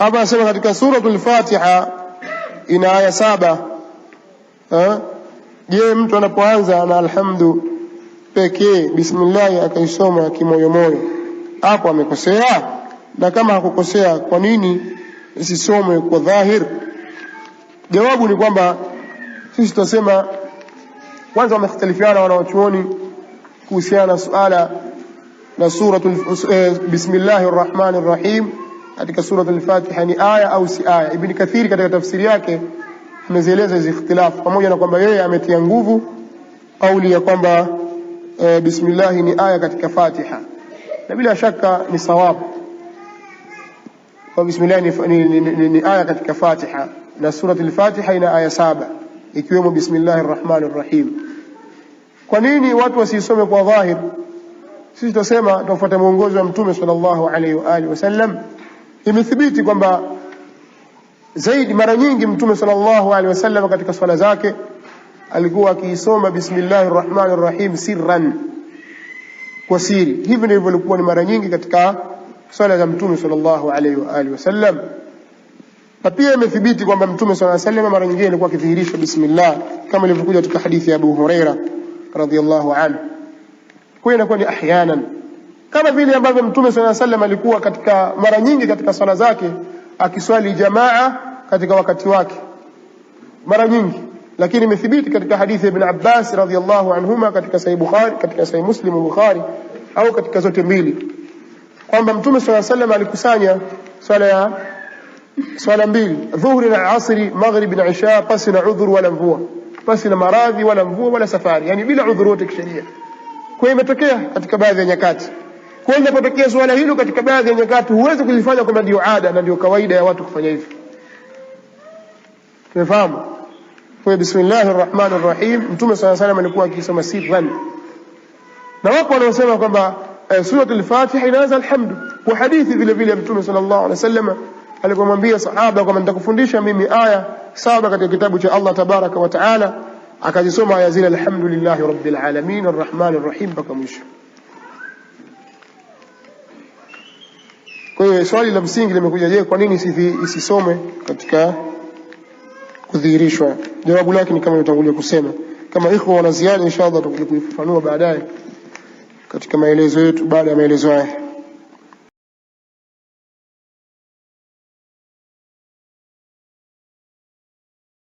Hapa anasema katika suratul Fatiha ina aya saba. Je, mtu anapoanza na alhamdu pekee bismillahi akaisoma kimoyomoyo, hapo amekosea? Na kama hakukosea, kwa nini isisomwe kwa dhahir? Jawabu ni kwamba sisi tutasema kwanza, wamekhtalifiana wanawachuoni kuhusiana na suala la suratul eh, bismillahir rahmanir rrahim katika sura al-Fatiha ni aya au si aya. Ibn Kathir katika tafsiri yake amezieleza hizo ikhtilafu, pamoja na kwamba yeye ametia nguvu kauli ya kwamba e, bismillah ni aya katika Fatiha, na bila shaka ni sawabu kwa bismillah ni, ni, ni, ni, ni aya katika Fatiha na sura al-Fatiha ina aya saba ikiwemo bismillahir rahmanir rahim. Kwa nini watu wasisome kwa dhahir? Sisi tutasema tufuate mwongozo wa Mtume sallallahu alayhi wa alihi wasallam Imethibiti kwamba zaidi mara nyingi Mtume sallallahu alaihi wasallam katika swala zake alikuwa akiisoma bismillahi rahmani rahim sirran, kwa siri. Hivi ndivyo ilikuwa ni mara nyingi katika swala za Mtume sallallahu alaihi wa alihi wasallam. Na pia imethibiti kwamba Mtume sallallahu alaihi wasallam mara nyingine alikuwa akidhihirisha bismillah kama ilivyokuja katika hadithi ya Abu Huraira radhiyallahu anhu, kwa inakuwa ni ahyanan kama vile ambavyo Mtume sallallahu alaihi alikuwa katika mara nyingi katika swala zake akiswali jamaa katika wakati wake mara nyingi, lakini imethibiti katika hadithi ya Ibn Abbas radhiyallahu anhuma katika Sahih Bukhari, katika Sahih Muslim Bukhari au katika zote mbili kwamba Mtume sallallahu alaihi alikusanya swala ya swala mbili dhuhri na asri, maghrib na isha, pasi na udhur wala mvua, pasi na maradhi wala mvua wala safari, yani bila udhur wote kisheria. Kwa hiyo imetokea katika baadhi ya nyakati Huenda kutokea suala hilo katika baadhi ya nyakati, huwezi kulifanya kama ndio ada na ndio kawaida ya watu kufanya hivyo. Tumefahamu kwa bismillahir rahmanir rahim, Mtume sala salam alikuwa akisoma sirran, na wapo wanaosema kwamba eh, suratul Fatiha inaanza alhamdu. Kwa hadithi vile vile Mtume sallallahu alaihi wasallam alikomwambia sahaba kwamba nitakufundisha mimi aya saba katika kitabu cha Allah tabaraka wa taala, akazisoma aya zile alhamdulillahi rabbil alamin arrahmanir rahim mpaka mwisho. Kwa hiyo swali la msingi limekuja, je, kwa nini isisome katika kudhihirishwa? Jawabu lake ni kama nilivyotangulia kusema. Kama iko wana ziada, inshallah tutakuja kuifafanua baadaye katika maelezo yetu, baada ya maelezo haya.